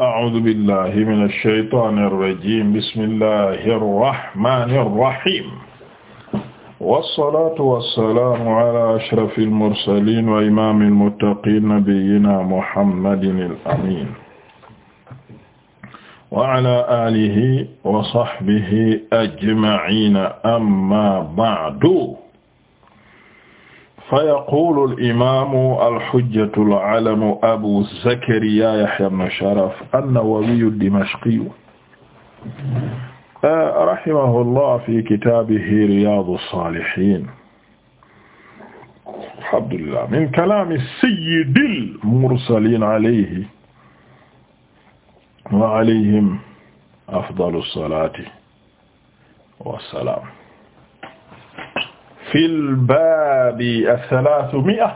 a'uudu billahi mina shaytaani rajiim bismillahi rahmaani rahiim wassalaatu wassalaamu alaa ashrafil mursaliin wa imaamil muttaqiin nabiyyinaa muhammadinil amiin wa alaa aalihi wa sahbihi ajma'iin ammaa ba'du فيقول الإمام الحجة العلم أبو زكريا يحيى بن شرف النووي الدمشقي رحمه الله في كتابه رياض الصالحين الحمد لله من كلام سيد المرسلين عليه وعليهم أفضل الصلاة والسلام fil baabi asalaasu mi'a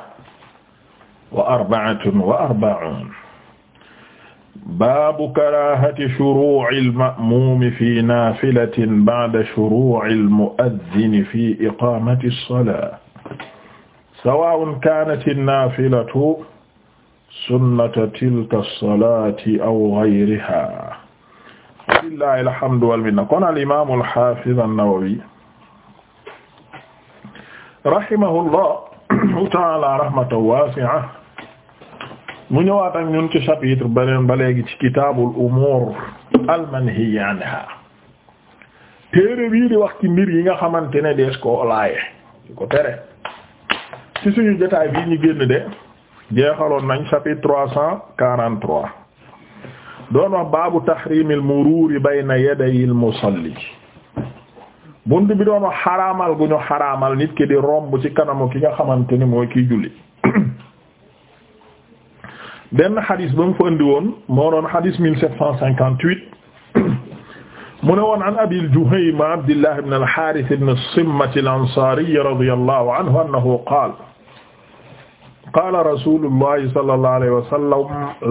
wa arba'atun wa arba'uun baabu karaahati shuruu'il ma'muumi fi naafilatin ba'da shuruu'il mu'azzini fi iqaamati salaa sawaa'un kaanati naafilatu sunnata tilka salaati aw ghayrihaa. Lillaahil hamdu wal minna. Qaala al-imaamul haafiz an-Nawawi rahimahullahu ta'ala rahmatan wasi'a mu ñëwaat ak ñun ci chapitre beneen ba léegi ci kitaabul umuur al-manhiyyi téere bii di wax ci mbir yi nga xamante ne dees koo ko tere ci suñu jotaay bii ñu génn de jeexaloon nañ chapitre trois cent quarante trois doon wax baabu tahriimil muruuri bayna yadayil musalli bunt bi doon wax xaraamal gu ñu xaraamal nit ki di romb ci kanamu ki nga xamante ni mooy kiy julli benn xadis ba mu fa andi woon moo doon xadis mille sept cent cinquante-huit mu ne woon an abil juhayma abdillah ibn al-harith ibn simmati al-ansari radiyallahu anhu annahu qaala qaala rasulullahi sallallahu alayhi wa sallam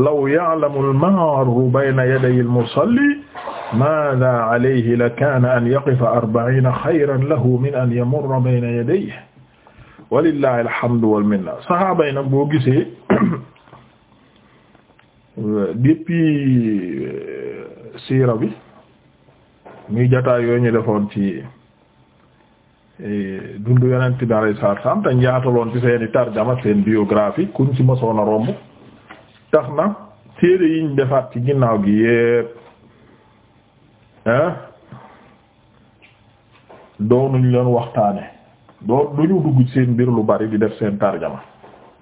law ya'lamu al-maaru bayna yaday al-musalli maada alayhi la kaana an yaqifa arba'iina xayran lahu min an yamurra bayna yadayhi walillahi alhamdu wal minna saxaaba yi nag boo gisee depuis euh, siira bi muy jataay yooyu ñu defoon ci euh, dundu yonent bi alayhi salaatu salaam ci seeni tarjama seen biographie kuñ ci mësoon a romb tax na téere yiñ ginnaaw gi doonuñ leen waxtaane doo duñu dugg seen mbir lu bari di def seen tarjama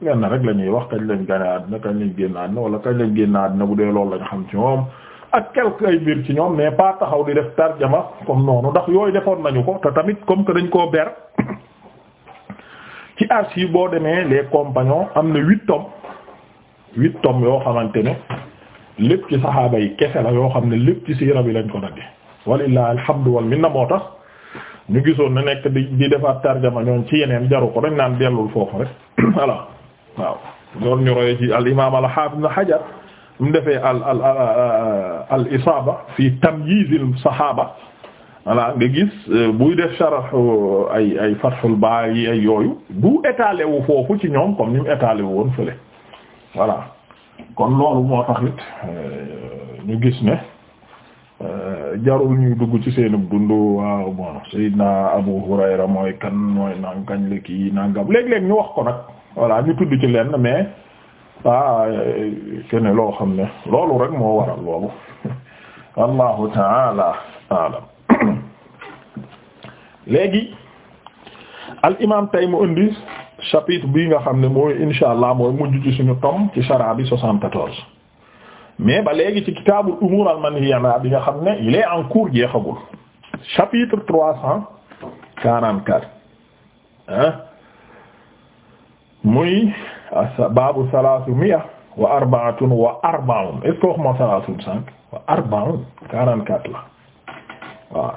lenn rek la ñuy wax kañ lañ gane àddina kañ lañ génn àddina wala kañ lañ génn àddina bu dee loolu lañ xam ci moom ak quelque ay mbir ci ñoom mais pas taxaw di def tarjama comme noonu ndax yooyu defoon nañu ko te tamit comme que dañ koo ber ci archive boo demee les compagnons am na huit tomes huit tomes yoo xamante ne lépp ci saxaaba yi kese la yoo xam ne lépp ci siira bi lañ ko dagge walilah alhamdu wal minna moo tax ñu gisoon na nekk di di defaat tarjama ñoom ci yeneen jaru ko dañ naan dellul foofu rek voilà waaw loolu ñu roye ci al imam al hafiz ibn mu defee al al al isaaba fi tamyiz al saxaaba voilà nga gis euh, buy def sharh euh, ay ay fathul baari ay yooyu du étalé foofu ci ñoom comme ni mu étalé wu woon fële voilà kon loolu moo tax euh, ñu gis ne euh, jarul ñuy dugg ci seenub dund waaw bon Seydina Abu Hurayra mooy kan mooy nankañ la kii nangam léeg-léeg ñu wax ko nag voilà ñu tudd ci lenn mais ah loo xam ne loolu rek moo waral loolu allahu taala léegi al imam tay mu indi chapitre bi nga xam ne mooy insha allah mooy mujj ci suñu tom ci chara bi soixante mais ba léegi ci kitaabul umuur al manhiya bi nga xam ne il est en cours jeexagul chapitre trois cent quarante-quatre hein muy baabu salaasu miya wa arbaatun wa wa arbaun quarante la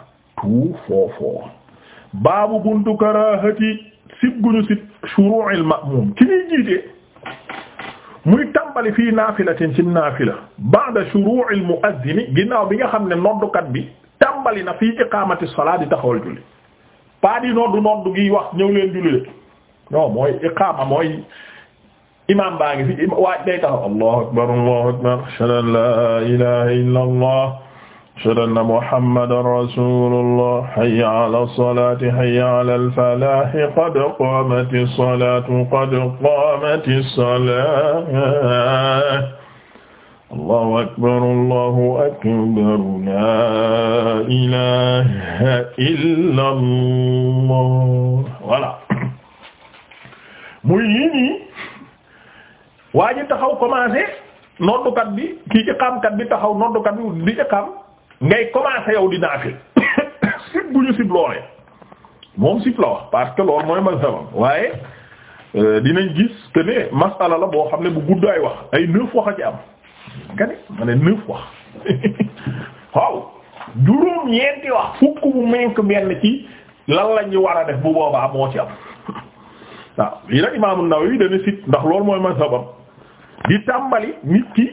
baabu buntu karaahati sib guñu sib shuru'il ma'mum ci ñuy jiite muy tàmbali fii naafilatin ci naafila ba'da shuru'il mu'azzini ginnaaw bi nga xam ne noddukat bi tàmbali na fii iqamati salat taxawal julli pas di noddu noddu gi wax ñëw leen julli de non mooy iqama mooy imam baa ngi fi waaj day taxaw allahu akbar allahu akbar ashhadu an la ilaha illa allah أشهد أن محمدا رسول الله حي على الصلاة حي على الفلاح قد قامت الصلاة قد قامت الصلاة الله أكبر الله أكبر لا إله إلا الله voilà muy yii nii waa ji taxaw commencé noddukat bi kii ci xaamkat bi taxaw noddukat bi di ci xam ngay commencer yow di naafil sib bu ñu sib loolee moom sib la wax parce que mooy mazhabam waaye euh, dinañ gis que ne masala la boo xam ne bu gudd ay wax ay neuf wax a ci am nga ne ma ne neuf wax waaw juróom ñeenti wax fukk bu menk benn ci lan la ñu war a def bu boobaa moo ci am waaw lii nag Imaam An-Nawawi dana sit ndax loolu mooy mazhabam di tàmbali nit ki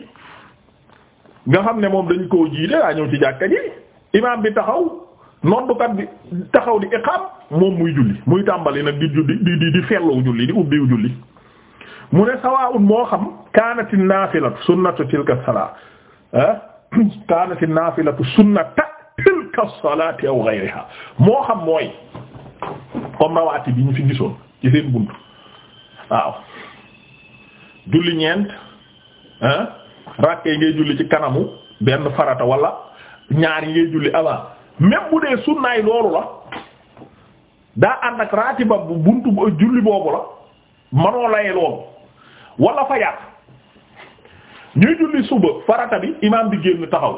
nga xam ne moom dañ koo jiite daa ñëw ci jàkka ji imaam bi taxaw noddukat bi taxaw di iqaam moom muy julli muy tàmbali nag di julli di di di felloo julli di ubbiw julli mu ne sawaa'un moo xam kaanati naafilatu sunnatu tilka salaa ah kaanati naafilatu sunnata tilka salaati aw ghayriha moo xam mooy comme rawaati bi ñu fi gisoon ci seen bunt waaw julli ñeent ah rakk yi ngay julli ci kanamu benn farata wala ñaar yi ngay julli avant même bu dee sunnaay loolu la daa ànd ak raatiba bu buntu julli boobu la manoo laye loolu wala fa yàq ñuy julli suba farata bi imaam bi génn taxaw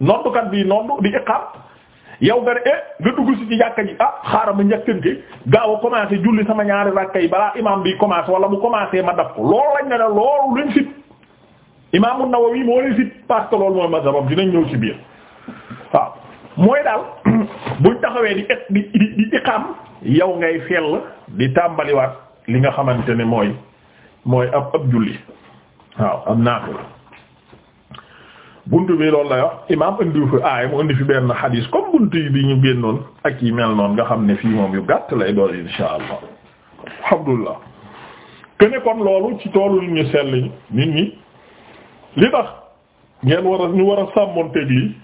noddukat bii noddu di iqam yow nga ne eh dugg si ci jàkka ji ah xaaral ma njëkkante gaaw a commencé julli sama ñaari rakka yi balaa imaam bi commencé wala mu commencé ma dab ko loolu lañ ne ne loolu luñ fit Imaam An-Nawawi moo lay si parce que loolu mooy dinañ ñëw ci biir waaw mooy daal buñ taxawee di et yow ngay fell di tàmbaliwaat li nga xamante ni mooy mooy ab ab julli waaw am naafila buntu bi loolu la wax imaam indiwu fi aay mu indi fi benn xadiis comme buntu bi ñu génnoon ak yi mel noonu nga xam ne fii moom yu gàtt lay doon insha allah alhamdulillah kene kon loolu ci toolu nit ñu sell nit ñi li tax ngeen war a ñu war a sàmmonteeg lii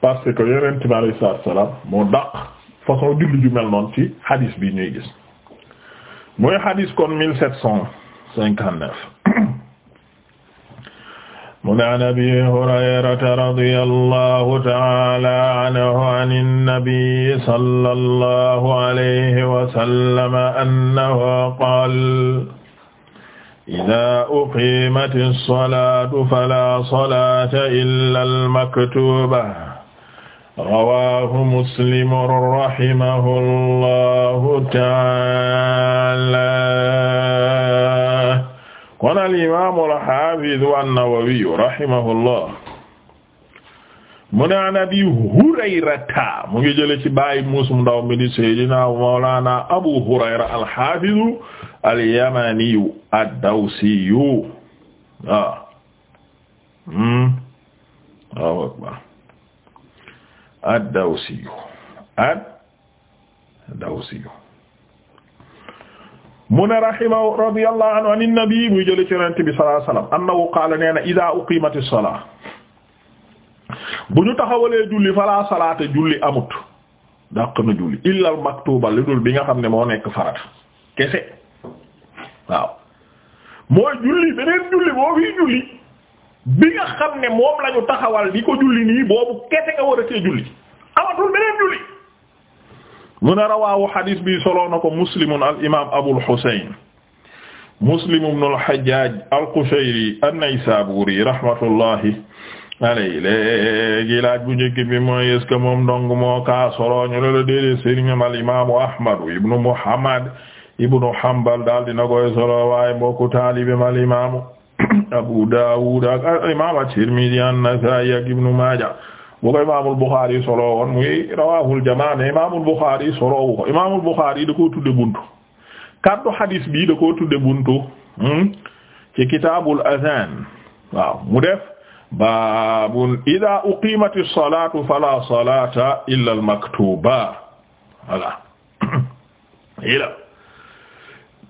parce que yonent bi alayhi salaatu wa salaam moo daq façon julli ju mel noonu ci hadis bi ñuy gis mooy hadis kon mille sept cent cinquante neuf mu ne an abi hurayrata radiyallahu ta'ala anhu an an-nabi sallallahu alayhi wa sallam annahu qaala ida uqimat lsolatu fala solata illa almaktuba rawahu muslimu rahimahu allahu taala kon alimamu alhafidu annawawiyu rahimahu llah mu ne an abi hurayrata mu ngi jële ci bàyyi muusum ndaw mi di sayyidina mawlana abu hurayra alhafidu al-Yamaniyu ad-Dawsiyu waaw ah. hmm. waaw akbar ad-Dawsiyu ad-Dawsiyu mu ne rahimahu radiyallahu anhu an nabi muy jële ci bi sallallahu alayhi wasallam qaala nee idaa uqiimati salaa bu ñu taxawalee julli falaa salaata julli amut dàq na julli illal maktuba lu dul bi nga xam ne moo nekk farata kese waaw mooy julli beneen julli boo fii julli bi nga xam ne moom lañu taxawal di ko julli nii boobu kese nga war a see julli amatul beneen julli mun a rawaawu xadiis bi soloo na ko muslimun al imaam abul muslim ibn al xajjaaj al qushayri an-naysaburi bu njëkk bi mooy est moom dong moo kaa soloo la la déedéet sëriñam al imaamu muhammad ibnu Hanbal daal dina koy solo waaye mbokku taalibem al imaamu Abu Daawud ak al imaam at-Tirmidhi an-Nasaa'i ak ibnu Maaja bu ko imaamul Buxaari solo woon muy rawaahul jamaa ne imaamul Buxaari solo wu ko imaamul Buxaari da koo tudde buntu kaddu hadis bi da koo tudde buntu hmm, ci kitaabul azaan waaw mu def baabun idaa uqiimati salaatu falaa salaata illal maktuuba voilà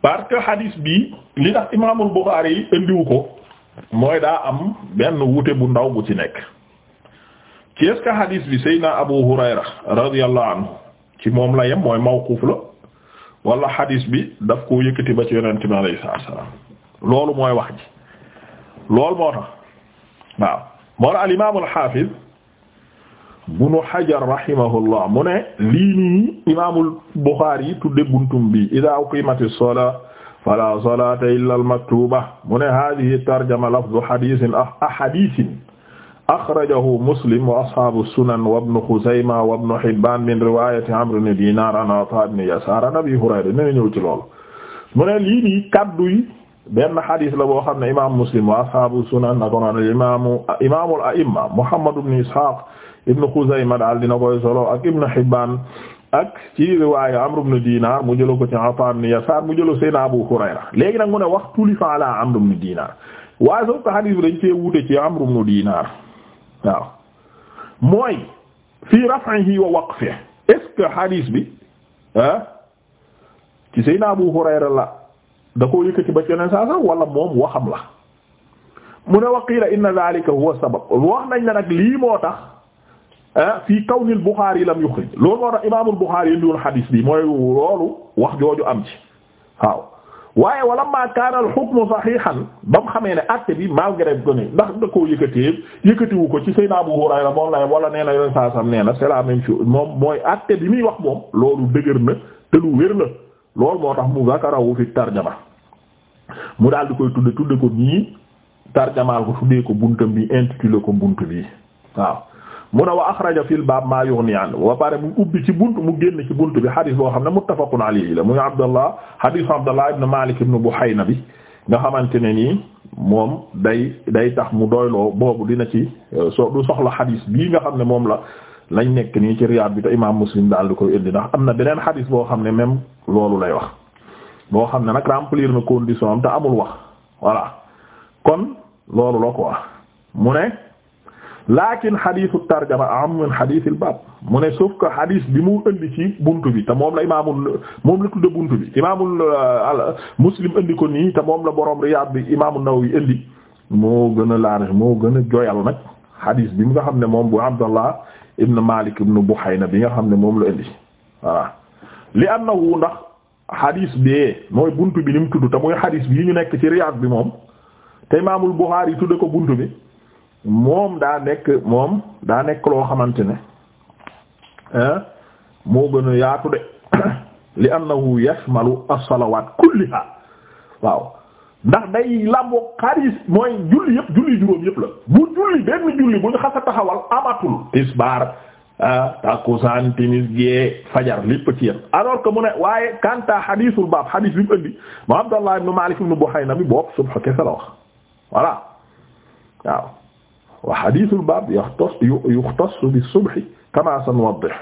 parce que hadis bi li tax imaamul Buxaari yi ko mooy daa am benn wuute bu ndaw bu ci nekk ci est-ce bi Seydina Abu Hurayra radiyallahu anhu ci moom la yem mooy mawquuf la wala hadis bi daf koo yëkkati ba ci yonent bi alayhi salaam loolu mooy wax ji loolu moo tax waaw moo tax al imaamul Haafiz bunu Hajar rahimahullah mu ne lii nii imaamul Buxaari yi tudde buntum bi idaa uqiimati salaa falaa salaata illaa al-maktuuba mu ne haadihi tarjama lafdu hadiisin ah, ahadiisin axrajahu Muslim wa ashaabu sunan wa ibnu Xuzayma wa ibnu Hibbaan min riwaayati Amr ibn Diinaar an Ataa ibn Yasaar an Abii Hurayra dina ñëw ci loolu mu ne lii nii kaddu yi benn xadis la boo xam ne imaam Muslim wa ashaabu sunan naka noonu imaamu imaamul a'imma Muhammad ibn Ishaaq ibn Xuzayma daal dina koy solo ak ibn Hibbaan ak ci riwaaya Amr ibn Dinar mu jëlo ko ci Ataa ibn Yasaar mu jëlo seen Abu Hurayra léegi wax tulifa ala waaye soo ko xadiis bi dañ ci Amr ibn Dinar mooy fii raf'ihi wa waqfihi est-ce que xadiis bi ah ci seen Abu Hurayra la da koo yëkkati ba ci yeneen saa sax wala moom waxam la mu ne waqiila inna zaalika huwa sabab wax nañ la nag lii moo tax. Ah fii kawnil Buxaari lam yuxrij loolu moo tax imaamul Buxaari indiwul xadiis bi mooy loolu wax jooju am ci waaw waaye wala maa kaana al ba mu xamee ne acte bi malgré ko ni ndax da koo yëkkatiwu ko ci Seydina Abu Hurayra moom la wala nee na saa sam nee na c'est la moom mooy acte bi muy wax moom loolu dëgër na te lu wér la loolu moo tax mu zakarawu fi tarjama mu daal di koy tudde tudde ko nii tarjamaal ko tuddee ko mu ne wa axraja fil baab maa yughni an wa pare mu ubbi ci bunt mu génn ci bunt bi xadis boo xam ne muttafaqun alayhi la muy abdallah xadisu abdallah ibn malik ibn buhayna bi nga xamante ne nii moom day day tax mu doyloo boobu dina ci euh, so du soxla xadis bii nga xam ne moom la lañ nekk nii ci riyaad bi te imaam muslim daal di koy indi ndax am na beneen xadis boo xam ne même loolu lay wax boo xam ne nag remplir na condition am te amul wax voilà kon loolu la mu ne lakin xadisu tarjama am min xadis il baab mu ne sauf que xadis bi mu indi ci buntu bi te moom la imaamul moom la tudde buntu bi imaamul euh, muslim indi ko nii te moom la borom Riyaad bi imaamul Nawawi indi moo gën a large moo gën a joyal nag xadis bi nga xam ne moom bu Abdallah ibn Malik ibn Buhayna bi nga xam ne moom la indi voilà li annahu ndax xadis bi mooy buntu bi ni mu tudd te mooy xadis bi yi ñu nekk ci Riyaad bi moom te imaamul Buxaari tudde ko buntu bi moom daa nekk moom daa nekk loo xamante ne moo gën a yaatu de li annahu yashmalu as-salawat kulliha waaw ndax day làmboo xaris mooy julli yëpp julli juróom yëpp la bu julli benn julli bu ñu xasa taxawal amatul tisbaar takusaan timis gee fajar lépp ci yem alors que mu ne waaye kanta xadiisul baab xadiis bi mu indi mu Abdallah ibn Malik ibn Buhayna bi bopp subha kese la wax voilà waaw wa hadithul baab yaxtas yuxtassu bi subhi kama sanuwaddih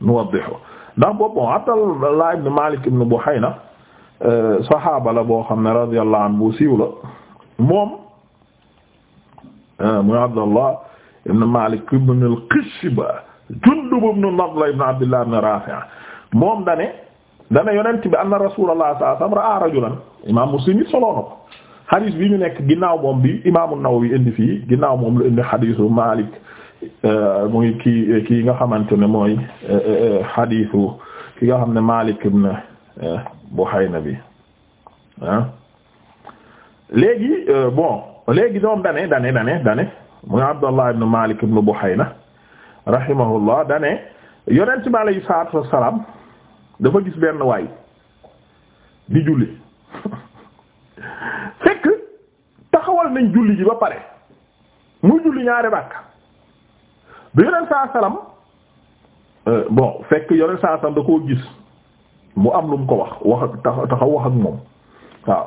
nuwaddihu ndax boobu Abdallah ibn Malik ibn Buhayna euh, saxaaba la boo xam ne radiyallahu anhu bu siiw la moom euh, muy Abdallah ibn Malik ibn al-Qishba Jundub ibn Nadla ibn Abdillah ibn Rafi' moom dane dane yonent bi anna Rasulullah sallallahu alayhi wa sallam ra'a rajulan imaam Muslim solo na ko xadis bi ñu nekk ginnaaw moom bi imaam an-Nawawi indi fii ginnaaw moom lu indi xadisu Maalik euh, muy kii kii nga xamante ne mooy euh, xadisu ki nga xam ne Maalik ibn euh, Buhayna bi ah léegi bon léegi doom dane dane dane dane muy Abdallah ibn Maalik ibn Buhayna rahimahullah dane yonent bi alayhi salaatu wassalaam dafa gis benn waay di julli nañ julli ji ba pare mu julli ñaari ràkka bi yoneen saa euh, bon fekk yoneen saa salam da koo gis mu am lu mu ko wax wax taxaw wax ak moom waaw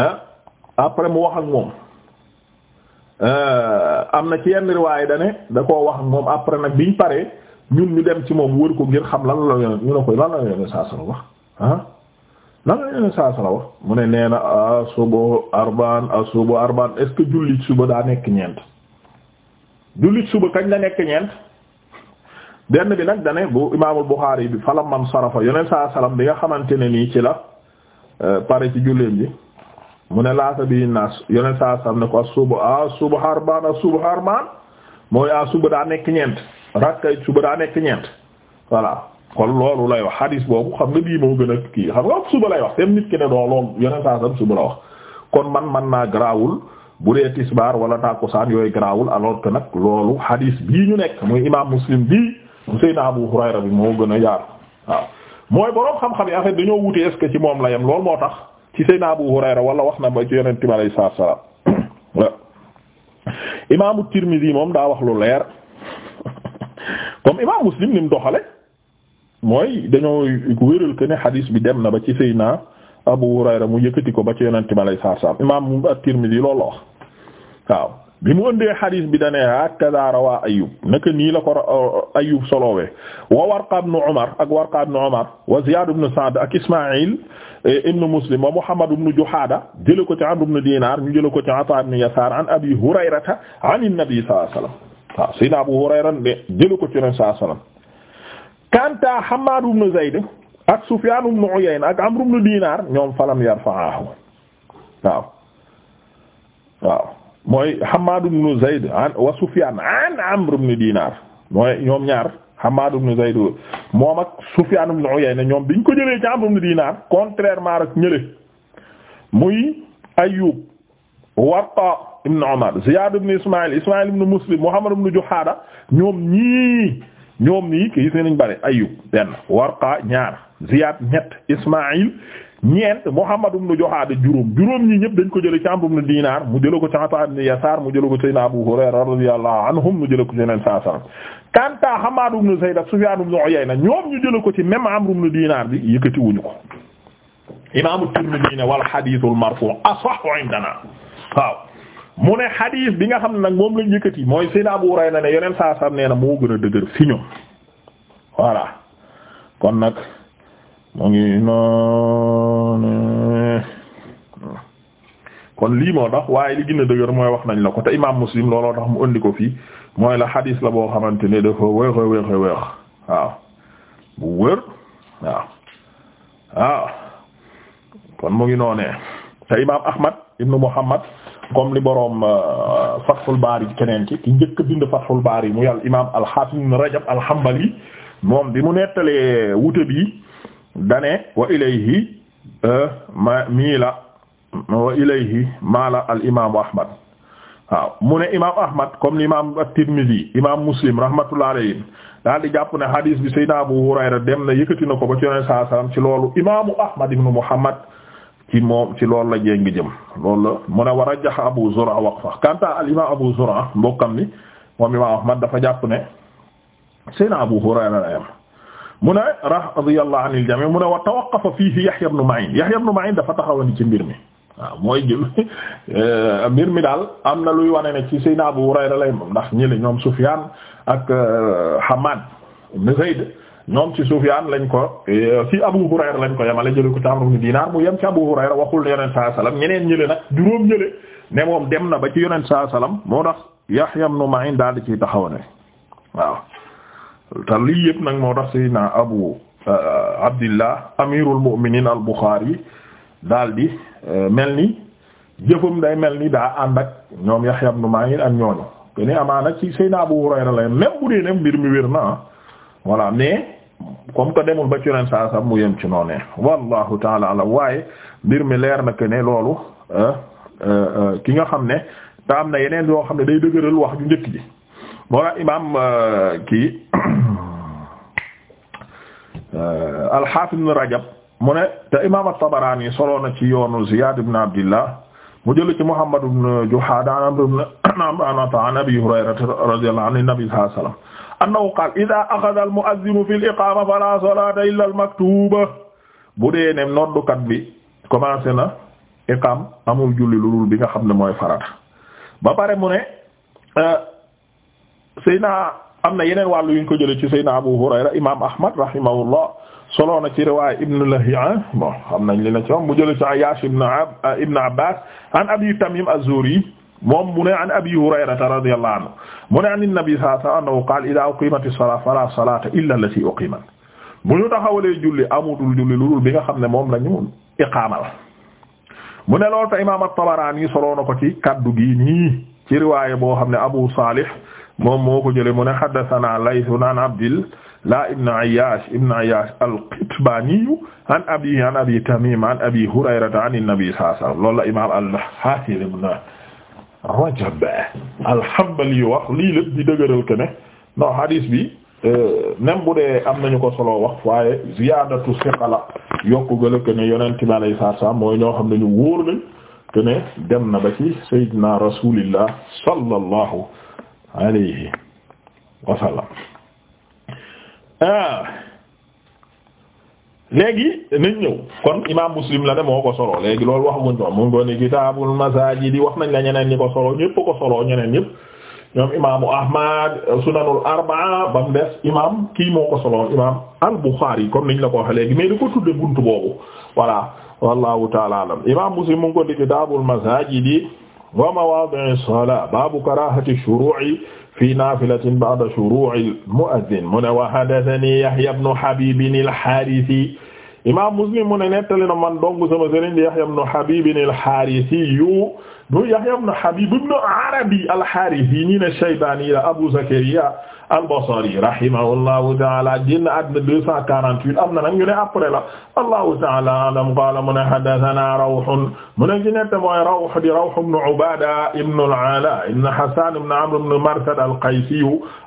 après mu wax ak moom euh, am na ci yenn riwaay da ne da koo wax ak moom après nag biñ paree ñun ñu dem ci moom wër ko ngir xam lan la ñu ne ko lan la yoneen saa wax lan la saa sala mu ne nee na asubo arbaan asubo arbaan est ce que jullit suba daa nekk ñeent jullit suba kañ la nekk ñeent benn bi nag dane bu imaamul Buxaari bi falam man sarafa yeneen saa salam bi nga xamante ne nii ci la euh, pare ci julleem bi mu ne laata bi naas yeneen saa salam ne ko asubo asubo arbaan asubo arbaan mooy asuba daa nekk ñeent rakkay suba daa nekk ñeent voilà kon loolu lay wax hadis boobu xam nga bii moo gën a kii xam nga suba lay wax seen nit ki ne doo lool yeneen saa sam suba la wax kon man man naa garaawul bu dee tisbaar wala tàkkusaan yooyu garaawul alors que nag loolu hadis bii ñu nekk muy imaam muslim bii Seydina Abu Hurayra bi moo gën a yaar waaw mooy boroom xam-xam yi en fait dañoo wute est ci moom la yem loolu moo tax ci Seydina Abu Hurayra wala wax na ba ci Yonent bi alayhi salaatu wa salaam imaamu moom daa wax lu leer comme mooy dañoo wéral que ne xadiis bi dem na ba ci Seydina Abu Hurayra mu yëkkati ko ba ci yonent bi alayhi salaam imaam at-Tirmidhi loolu wax bi mu ëndee xadiis bi dane hakaza rawaa Ayyub naka nii la ko Ayyub wa Warqa ibn Umar ak Warqa ibn Umar wa Ziyaad ibn Sa'd ak Ismaa'il e, ibn Muslim wa Muhammad ibn Juhaada jële ko ci Amr ibn Dinaar ñu jële ko ci Ataa ibn Yasaar an Abi Hurayrata an an-Nabi sallallahu alayhi wasallam Abu Hurayra de jële ko ci yonent sallallahu alayhi wasallam kanta Hammaad ibn Zayd ak Sufyaan ibn Uyayna ak Amr ibn Dinaar ñoom falam yarfa'ahu waaw waaw mooy Hammaad ibn Zayd wa Sufyaan an Amr ibn Dinaar mooy ñoom ñaar Hammaad ibn Zayd moom ak Sufyaan ibn Uyayna ñoom biñ ko jële ci Amr ibn Dinaar contrairement rek ñële muy Ayyuub Warqa ibn Umar Ziyaad ibn Ismaayil Ismaayil ibn Muslim Muhammad ibn Juhaada ñoom ñii ñoom nii kii seen nañ bëri Ayyub benn Warqa ñaar Ziyad ñett Ismaïl ñeent Muhammad ibn Juhaada juróom juróom ñi ñëpp dañ ko jële ci Amr ibn Dinar mu jële ko ci Ata ibn Yasar mu jële ko ci Abu Hurayra radiyallahu anhum mu jële ko ci neen saa sallam kanta Hammad ibn Zayd ak Sufyan ibn Uyayna ñoom ñu jële ko ci même Amr ibn Dinar bi yëkkati ñu ko imam Tirmidhi ne wal hadithul marfu' asahhu indana waaw mu ne xadiis bi nga xam ne nag moom lañ yëkkati mooy Seydina Abu Hurayra ne yeneen saa sam nee na moo gën a dëgër fi ñoom voilà kon nag mu ngi noonu kon lii moo tax waaye li gën a dëgër mooy wax nañ la ko te imaam Muslim looloo tax mu andi ko fii mooy la xadiis la boo xamante ne dafa wéex a wéex a wéex waaw bu wër waaw waaw kon mu ngi noonee te imaam Ahmad ibnu Muhammad comme li boroom euh, Fathul Baari keneen ki ki njëkk bind Fathul Baari muy al imaam al-Hafiz Rajab al-Hanbali moom bi mu nettalee wute bi dane wa ilayhi euh, ma mii la wa ilayhi maala al imaamu Ahmad waaw mu ne imaam Ahmad comme li imaam at-Tirmidhi imaam Muslim rahmatullah alayhim daal di jàpp ne hadis bi Seydina Abu Hurayra dem na yëkkati na ko ba ci Yonent saa ci loolu imaamu Ahmad ibn Muhammad ci ci loolu la jéng jëm loolu la mu war a jax Abu Zur'a waqfa kanta al imam Abu Zur'a mbokkam ni moom imam Ahmad dafa jàpp ne sayna Abu Hurayra la yam mu ne radiyallahu anil jami mu ne wa tawaqqafa fiihi Yahya ibn Ma'in Yahya ibn Ma'in dafa taxawa ni ci mbir mooy jël euh, mbir mi am na luy wane ne ci sayna Abu Hurayra lay moom ndax ñi ñoom Sufyan ak euh, Hammad ibn Zayd ñoom ci Sufyaan lañ ko eh, ci Abu Hurayra lañ ko yemale jële ko ci Amru ibn Dinaar mu yem ci Abu Hurayra waxul ne yonent saa salaam ñeneen ñële nag juróom ñële ne moom dem na ba ci yonent saa salaam moo tax Yahya ibn Ma'in daal di ciy taxawane waaw te lii yëpp nag moo tax Seydina Abu eh, Abdillah amirul mu'minin al Bukhari daal di eh, mel ni jëfam day mel ni daa ànd ak ñoom Yahya ibn Ma'in ak ñooñu te ni amaana ci Seydina Abu Hurayra la même bu dee ne mbir voilà mais comme que demul ba ci ren saa mu yem ci noonu wallahu taala alam waaye mbir mi leer na que ne loolu euh, euh, ki nga xam ne te am na yeneen yoo xam ne day dëgëral wax ju njëkk ji moo la imaam euh, kii al-Hafiz Rajab mu ne te imaam at-Tabarani na ci yoonu Ziyad ibn Abdillah mu jël ci Muhammad ibn Juhada an Abi Hurayra radiyallahu anhu nabi sallallahu alayhi wasallam annahu qaal ida axada al muazzinu fi l iqama fala salata illa al maktuba bu dee ne noddukat bi commencé na iqam amul julli lu bi nga xam ne mooy farata ba pare mu ne euh, Seydina am na yeneen wàllu yuñ ko jële ci Seydina Abu Hurayra imam Ahmad rahimahullah solo na ci riwaaya Ibn Lahiya bon xam nañ li na ci moom mu jële ci Ayyash ibn Abbas an Abi Tamim az moom mu ne an abi hurayrata radiyallahu anhu mu ne an nabi sallallahu alayhi wa sallam annahu qaala idaa uqiimatis salaatu falaa salaata illaa allatii uqiimat bu ñu taxawalee julli amutul julli lu dul bi nga xam ne moom la ñu iqaamal mu ne loolu te imaam at-Tabaraani soloo na ko ci kaddu gi nii ci riwaaya boo xam ne Abu Saalih moom moo ko jëlee mu ne haddathanaa Layth an Abdillah ibn Ayyaash ibn Ayyaash al-Qitbaani an abiihi an Abii Tamiim an Abii Hurayrata an an-Nabii sallallahu alayhi wa sallam loolu la imaam al-Haafiz Rajab al-Hanbali wax lii lépp di dëgëral que ne non bi euh, même bu dee am nañu ko solo wax waaye ziyaadatu siqa la yokku gëla que ne yonent bi alayhi salaatu salaam mooy ñoo xam ne ñu wóor lañ que dem na ba ci sayyidina rasulillah sallallahu alayhi wa sallam ah. léegi nañ ñëw kon imaam muslim la ne moo ko solo léegi loolu wax mu ñoom mu ngi doon kitaabul di wax nañ la ñeneen ni ko solo ñëpp ko solo ñeneen ñëpp ñoom imaamu ahmad sunanul arbaa ba mu des imaam kii moo ko solo imaam al buxaari comme niñ la ko waxee léegi mais ni ko tudde buntu boobu voilà wallahu taala alam imaam muslim mu ngi ko di kitaabul masaajid wa mawaadi'i salaat baabu karaahati shuruu'i fii naafilatin ba'da shuruu'il mu'adhdhin mu ne wa haddathanii Yahyaa ibnu Habiib al-Haarisi imaam Muslim mu ne nettali na man dong sama sëriñ di Yahyaa ibnu Habiib al-Haarisi yu du Yahyaa ibnu Habiib ibnu Arabi al-Haarisi ñi ne Shaybaani la Abu Zakariyaa al-Basri rahimahullahu ta'ala génn àddina deux cent quarante-huit am na nag ñu ne après la allahu ta'ala alam qala mu ne haddathana Rawh mu ne ci nett mooy Rawh di Rawh ibn Ubada ibn al-Ala ibn Hasan ibn Amr ibn Marsad al-Qaysi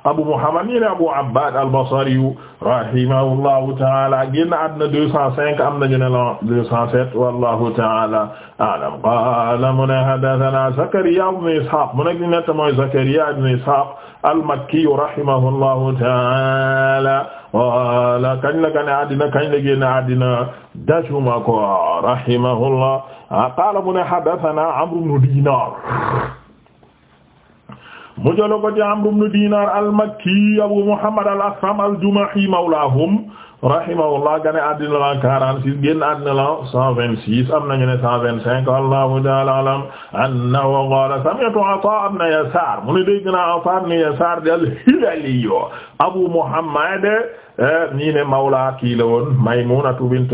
Abu Muhammad ñi ne Abu Abbad al-Basri rahimahullahu ta'ala génn àddina deux cent cinq am na ñu ne la deux cent sept wallahu ta'ala a'lam qala mu ne haddathana Zakariya ibn Ishaq mu ne ci nett mooy Zakariya ibn Ishaq al-Makki rahimahullahu taala wala kañ la gane addina kañ la génn addina dasuma ko rahimahullah qaala mu ne haddathana Amr ibn Dinar mu jël ko ci Amr ibn Dinar al-Makki Abu Muhammad al-Asram al-Jumahi mawlahum rahimahullah gane àddina la 46 génn àddina la 126 am nañu ne 125 wallahu ta'ala a'lam annahu qala sami'tu mu ne dégg naa Ata ibn di al Abu Muhammad ñii eh, ne mawla kii la woon Maymunatu bint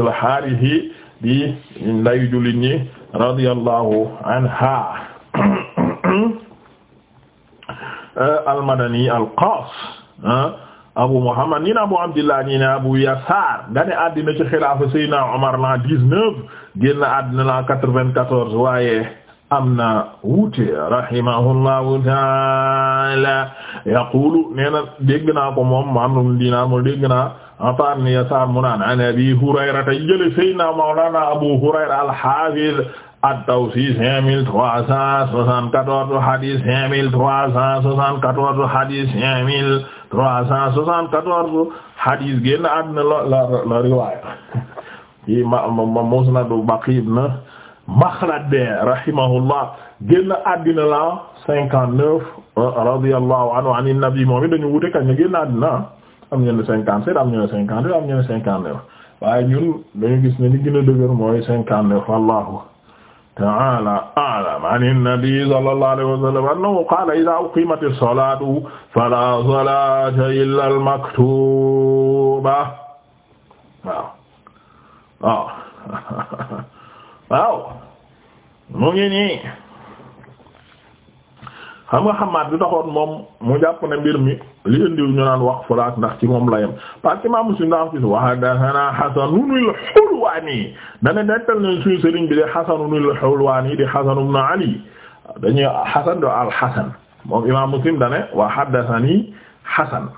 di ndeyu jullit ñi radiyallahu anha eh, al-Madani abu muhammad ñi ne abu abdillah abu yasaar nga ne àddina ci xilaafa seydina omar la dix-neuf génn àddina la quatre-vingt-quatorze waaye am na wuute taala yaqulu nee na dégg naa ko moom amrum dinar mo dégg yasaar mu naan an abi hurayra tay jële seydina abu hurayra al-hafiz ad-Dawsi cinq trois cent soixante-quatorze hadith cinq trois cent soixante-quatorze hadith génn la riwaaya ci ma ma musnadu Baqi ibn Makhlad rahimahullah génn la cinquante-neuf radiyallahu anhu an nabi moom it am ñu ne cinquante-sept am ñu ne cinquante-huit am ñu ne cinquante-neuf waaye ñun dañu gis ne li gën a mooy cinquante-neuf wallahu ta'ala a'lam an an-nabi sallallahu alayhi wa sallam annahu qala idha uqimat as-salatu fala salata illa al-maktuba waaw waaw waaw mu ngi nii xam nga xamaat du taxoon moom mu jàpp ne mbir li indiw ñu naan wax fulaak ndax ci moom la yem que imam Muslim daa wax ci wa haddathana Hasanul Hulwani dana nettal ne suñu sëriñ bi de Hasanul Hulwani di Hasan ibn Ali dañuy Hasan do al-Hasan moom imam Muslim dane wa haddathani Hasan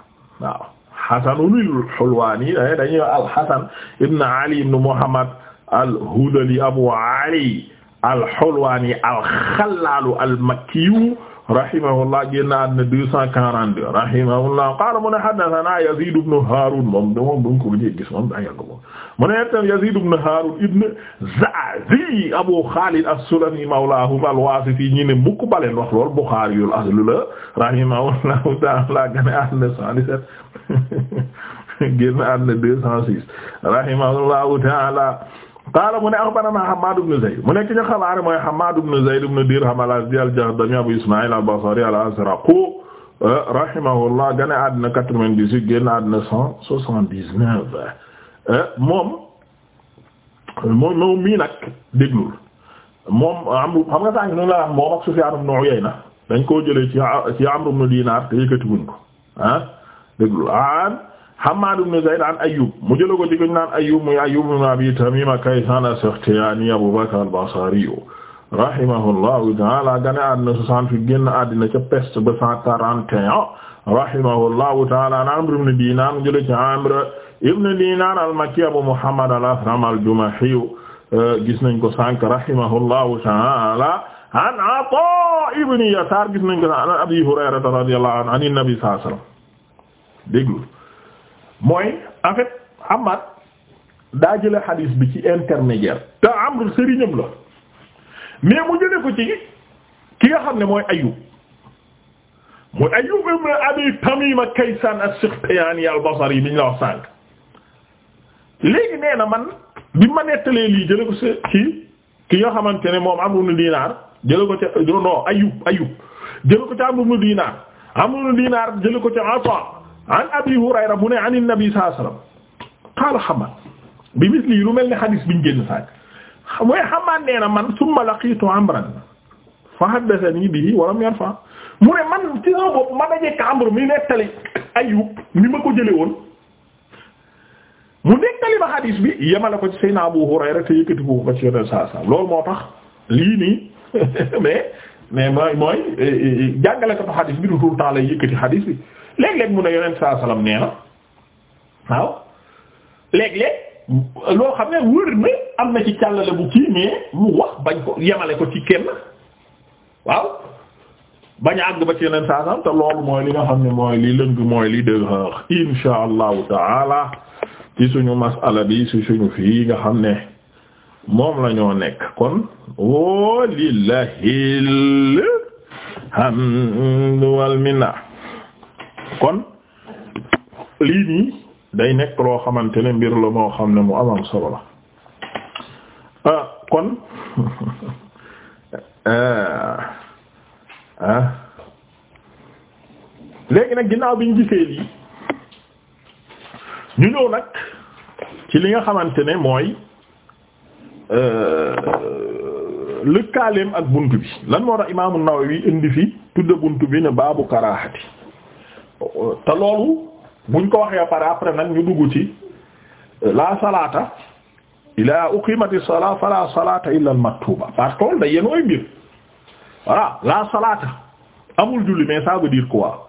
waaw Hasanul Hulwani dañuy dañuy al-Hasan ibn Ali ibn Muhammad al-Hudali Abu Ali al-Hulwani al-Khallal al-Makki rahimahullah génn àddina deux cent quarante deux rahimahullah qaala mu ne haddathana Yazid ibn Harun moom moom bu ñu ko gis moom daa yàgg moom mu ne tam Yazid ibn Harun ibn Zazi Abu Khalid as-Sulami mawlahum al-Wasiti ñi ne mukk baleen wax lool Bukhari yul aslu la rahimahullah ta'ala génn àddina cent dix-sept génn àddina deux cent six rahimahullah ta'ala qaala mu ne axbaranaa Hammaad ibn Zayd mu nekk ñu xabaar mooy Hammaad ibn Zayd ibn Dirham al-Azdi al-Jahdami Abu Ismaa'il al-Basri al-Azraqi rahimahullah gane àddina 98 génn àddina 179 moom moom moom mii nag déglul moom am xam nga sànq ñu la wax moom ak Sufyaan ibn Uyayna dañ koo jëlee ci ci Amr ibn Dinaar te yëkkatiwuñ ko ah déglul Hammaad ibn Zayd an Ayyub mu jëloon ko jigéen naan Ayyub muy Ayyub ibn Abi Tamiima Kaysaan as-Sakhtiyaani Abu Bakr al-Basri rahimahullahu ta'aala gane àddina 68 génn àddina ca peste ba 141 rahimahullahu ta'aala an Amr ibn Diinaar mu jëloon ci Amr ibn Diinaar al-Makki Abu Muhammad al-Asram al-Jumahi gis nañ ko sànq rahimahullahu ta'aala an Ataa ibn Yasaar gis nañ ko Abi Hurayrata radiyallahu anhu an-Nabi sallallahu alayhi wa sallam déglu mooy en fait daa jële xadiis bi ci intermédiaire te Amr sëriñam la mais mu jële ko ci ki nga xam ne mooy Ayyub mooy Ayyub ibn Abi Tamima Kaysan as-Sikhtiyani al-Basri bi ñu la wax sànq léegi nee na man bi ma nettalee lii jële ko ci ki ki nga xamante ne moom Amr ibn Dinar jële ko ci non Ayyub Ayyub jële ko ci Amr ibn Dinar Amr ibn Dinar jële ko ci Ata an abi hurayra mu ne an nabi sallallahu alayhi wasallam qaala xaman bi misli lu mel ni xadis biñ génn saak mooy xaman nee na man summa laqitu amran fa haddathani bihi wa lam yarfa mu ne man ci sama bopp ma dajeek amr mi nettali ayub ni ma ko jële woon mu nettali ba xadis bi yemale ko ci sayna abu hurayra te yëkkati ko ko ci yoneen saa saa loolu moo tax lii nii mais mais mooy mooy eh, eh, eh, jàngale ko xadis bi du tout le temps lay yëkkati xadis bi léeg-léeg mu ne yonent saa salaam nee na waaw léeg-léeg loo xam ne wër na am na ci càllale bu kii mais mu wax bañ ko yemale ko ci kenn waaw bañ a àgg ba ci yonent saa te loolu mooy li nga xam ne mooy li lëng mooy li dëgg insha allahu taala ci suñu masala bi ci suñu fii nga xam ne moom la nekk kon walillahil hamdu wal minna kon lii nii day nekk loo xamante ne mbir la moo xam ne mu amal solo la ah, kon ah, ah léegi nag ginnaaw bi ñu gisee lii ñu ñëw nag ci li nga xamante ne mooy euh, lëkkaaleem ak bunt bi lan moo tax imaamu Nawawi indi fi tudde bunt bi ne baabu karaahati te loolu buñ ko waxee pare après nag ñu dugg ci euh, la salaata ila uqimati salaa fala salata illa al maktuba parce que da yéen ay mbir voilà la salaata amul julli mais ça veut dire quoi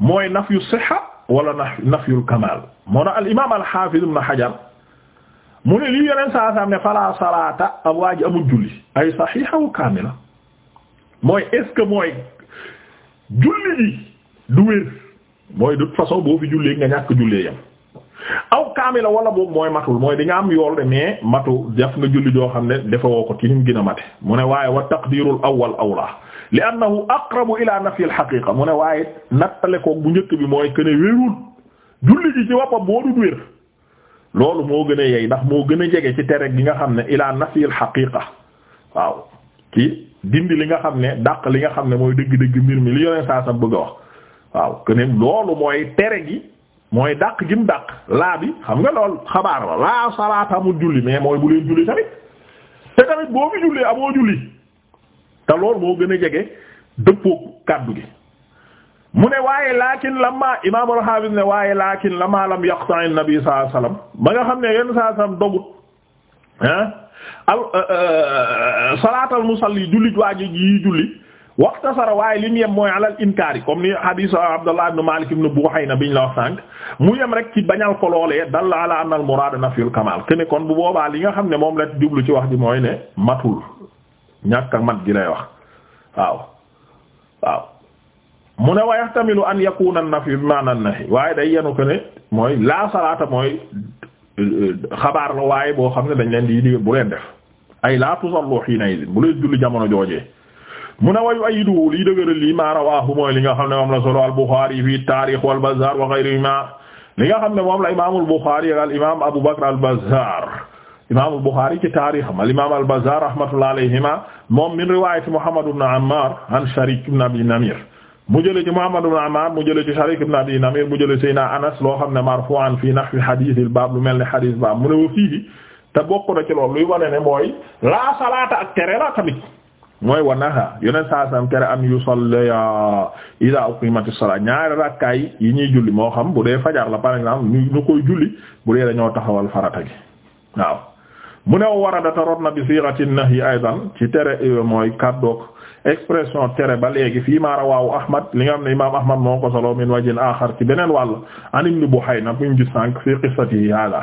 mooy nafyu siha wala nafyul kamal moo na al imam al hafiz ibn hajar mu ne lii yeneen saa saa ne fala salaata am amul julli ay sahiha wa kamila mooy est mooy julli ji du mooy de toute façon boo fi jullee nga ñàkk jullee yam aw kaamila wala boobu mooy matul mooy di nga am yool de mais matu def nga julli joo xam ne dafa ko ci ni mu gën a mate mu ne waaye wa taqdirul awwal awla li annahu aqrabu ila nafyi al haqiqa mu ne waaye nattale ko bu njëkk bi mooy que ne wérul julli ji ci woppam boo dul wér loolu moo gën a yey ndax moo gën a jege ci tere gi nga xam ne ila nafyi al haqiqa waaw ci dindi li nga xam ne dàq li nga xam ne mooy dëgg-dëgg mbir mi li yoneen waaw que ne loolu mooy tere gi mooy dàq gi mu dàq laa bi xam nga lool xabaar la laa salaata amul julli mais mooy bu leen julli tamit te tamit boo julli amoo julli te loolu moo gën a jege dëppoo kàddu gi. mu ne waaye laakin lamma imaam al-Hafiz ne waaye laakin lamma lam yaqta'i an-nabi sallallahu ba nga xam ne yenn saa sam dogut ah al euh, euh, euh, salaatal musalli julli waa ji yi julli. waxtasara waaye li mu yem mooy alal inkaari comme ni hadith Abdullah ibn Malik ibn Buhayna biñ la wax sànq mu yem rek ci bañal ko loolee dal ala anna al murad nafyul kamal kene kon bu boobaa li nga xam ne moom la jublu ci wax ji mooy ne matul ñàkk mat gi lay wax waaw waaw mu ne wa yahtamilu an yakuna an-nafyu bi ma'na waaye day yenu ko ne mooy laa salaata mooy xabaar la waaye boo xam ne dañ leen di bu leen def ay laa tusallu hiina jamono joojee mu ne wayu ayidu lii dëgëral lii maa rawaahu mooy li nga xam ne moom la solo al Buxaari fi taarix wal Bazzaar wa ghayrihimaa li nga xam ne moom la imaamul Buxaari ak al imaam Abu Bakr al Bazzaar imaamul Buxaari ci taarixam al imaam al Bazzaar rahmatullahi alayhimaa moom min riwaayati Muhammad ibn Ammaar an Shariik ibn Abi Namiir mu jëlee ci Muhammad ibn Ammaar mu jëlee ci Shariik ibn Abi Namiir mu jëlee Seydina Anas loo xam ne marfuu'an fi nahwi hadiisil baab lu mel ne hadiis baab mu ne wa fiihi te bokk na ci loolu luy wane ne mooy la salaata ak tere la tamit mooy wa naha yoneen saasam tere am yusallaya ida uqimatis salaa ñaari rakkaay yi ñuy julli moo xam bu dee fajar la par exemple ñu koy julli bu dee dañoo taxawal farata gi waaw mu ne warada ta rot na bi sighati nahyi aydan ci tere euh, mooy kaddook expression tere ba léegi fii maa rawaahu ahmad li nga xam ne imam ahmad moo ko solo min wajhin axar ci beneen wàll an ibn buhayna buñ gis sànq fii qissati hada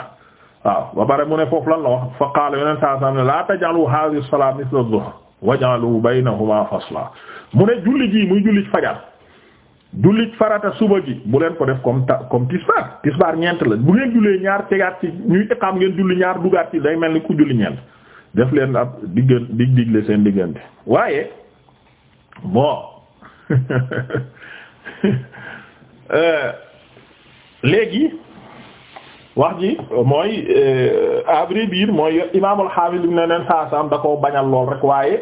waaw ba pare mu ne foofu lan la wax fa qaala yoneen la tajalu hadhihi waj'alu baynahuma fasla mu ne julli jii muy julli fajar julli farata suba ji bu leen ko def comme ta comme tisbaar tisbaar ñeent la bu ngeen jullee ñaar tegaat ci ñuy iqaam ngeen julli ñaar dugaat ci day mel ni ku julli ñeent def leen ab diggan dig digle seen diggante waaye bon euh, léegi wax ji mooy euh, à vrai dire mooy imaamul xaafis bi ne leen saa saam da koo bañal lool rek waaye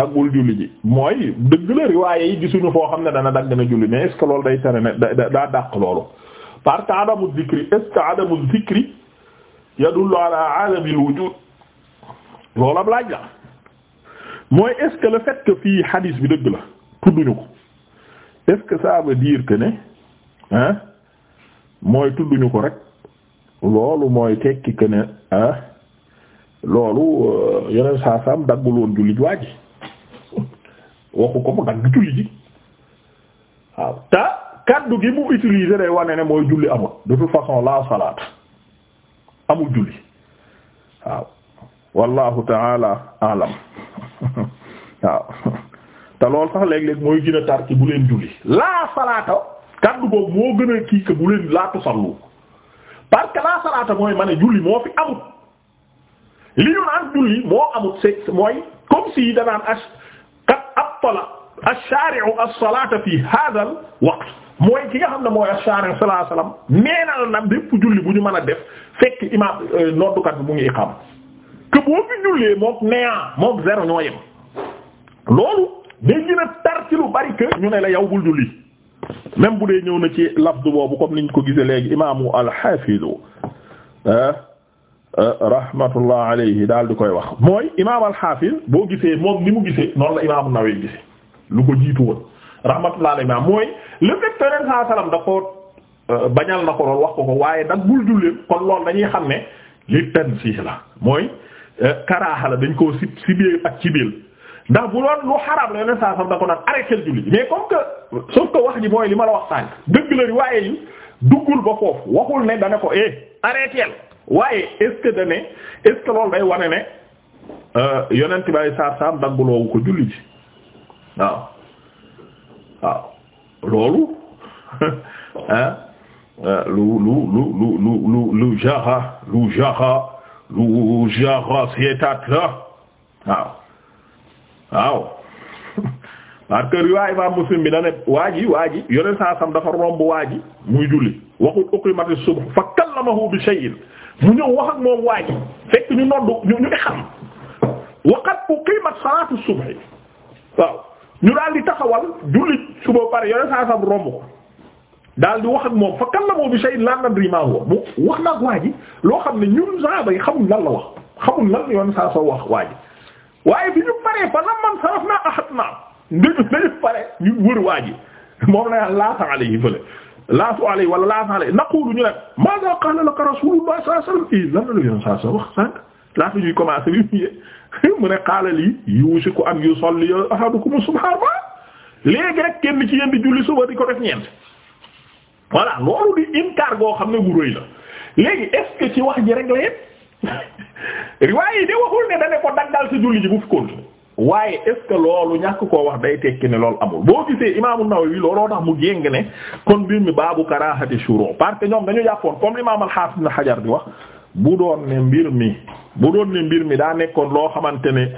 daggul julli ji mooy dëgg la riwaaye yi gisuñu foo xam ne dana dagg na julli mais est-ce loolu day tere ne da daa dàq loolu parce que adamu zikri est-ce que adamu zikri yadullu ala adamil wujud loolu ab laaj la mooy est-ce que le fait hadis bi dëgg la tudduñu ko est-ce que ça ne hein mooy tudduñu ko rek loolu mooy tekki que ah, loolu euh, yeneen saa saam daggul woon jullit waa ji waxu ko mu dagg julli ji waaw te kaddu gi mu utiliser day wane ne mooy julli amul de toute façon la salaat amul julli waaw wallahu taala alam waaw te loolu sax léeg-léeg mooy gën a tar ci bu leen julli laa salaata kaddu boobu moo gën a kii que bu leen laatu sallu parce que salaata mooy ma ne julli moo fi amut li ñu naan julli moo amut c'est mooy comme si danaan as kat abtala ash-shari'u as fi hadha al-waqt mooy ki nga xam ne mooy ash-shari'u sallallahu alayhi wasallam nee na la julli bu ñu mën a def fekk imaam euh, noddukat bi mu ngi iqam que boo fi jullee mook néant mook zéro ñoo loolu day gën tar ci bari que ñu ne la yow bul julli. même bu dee ñëw na ci lafdu boobu comme ni ñu ko gisee léegi imaamu alxafidu ah, ah, rahmatullah alayhi daal di koy wax mooy imaam alxafid boo gisee moom ni mu gisee noonu la imaamu Nawawi gisee lu ko jiitu woon rahmatullah alayhi mooy le fait que ren saa salaam da ko euh, bañal na ko lool wax ko ko waaye daggul jullit kon lool dañuy xam ne li ten fii la mooy euh, karaaxa dañ koo si si ak ci biir. ndax bu doon lu xaraam la yoneen saa sam da ko naan arrêté julli bi mais comme que sauf que wax ji mooy li ma la wax sànq dëgg la riwaaye yi duggul ba foofu waxul ne dana ko eh arrêté waaye est-ce que dane loolu day wane ne euh, yonent bi ay saa sam dagguloowu ko julli ji waaw waaw loolu ah lu lu lu lu lu lu lu jaxa lu jaxa lu jaxa seetaat la waaw waaw parce que riwaay imaam Muslim bi da ne waa ji waa ji yoneen saa sam dafa romb waa ji muy julli waxul uqimati subh fa kallamahu bi shay'in mu ñëw wax ak moom waa ji fekk ñu noddu ñu ñu xam waqat uqimat salaatu subh waaw ñu daal di taxawal julli suba pare yoneen saa sam romb ko daal di wax ak moom fa kallamahu bi shay'in laa nadri ma huwa mu wax na ak waa ji loo xam ne ñun saaba yi xamul lan la wax xamul lan la yoon saa sa wax waa ji waaye bi ñu paree fa lamman sarafna ahatna dañu pare ñu wër waa ji moom la yàlla laata alayhi fële laatu alayhi wala laata alayhi naqulu ñu ne maza qala laka rasulullah sallallahu alayhi wasallam lan la yoon saa sa wax sànq laata ñuy commencé bi mu yee mu ne qaala lii yusiku an yusalli ahadukum subha léegi rek kenn ci yéen di julli suba di ko def ñeent voilà loolu di inkar goo xam ne gu rëy la léegi est ce ci wax ji rek la yépp riwaay yi de waxul ne dane ko daggal sa julli ji bu fi continuer waaye est-ce que loolu ñàkk koo wax day tekki ne loolu amul boo gisee imaamu Nawawi looloo tax mu jéng ne kon mbir mi baabu karaahati shuru parce que ñoom dañu jàppoon comme l'imam al-Hafiz na Hajar bi wax bu doon ne mbir mi bu doon ne mbir mi daa nekkoon loo xamante ne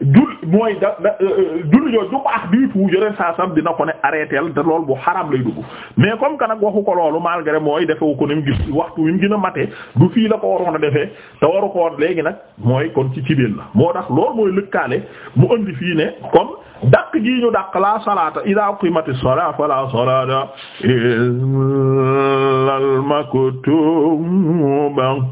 jul mooy da da jul yooyu du baax du tout yore saa sam dina ko ne arrêté te loolu bu xaram lay dugg mais comme que nag waxu ko loolu malgré mooy defewu ko ni mu gis waxtu wi mu gën a mate du fii la ko waroon a defee te waru ko woon léegi nag mooy kon ci cibéen la moo tax loolu mooy lëkkaale mu andi fii ne comme dàq gii ñu dàq la salaata ida qimati salaa fala salaata illal maktuba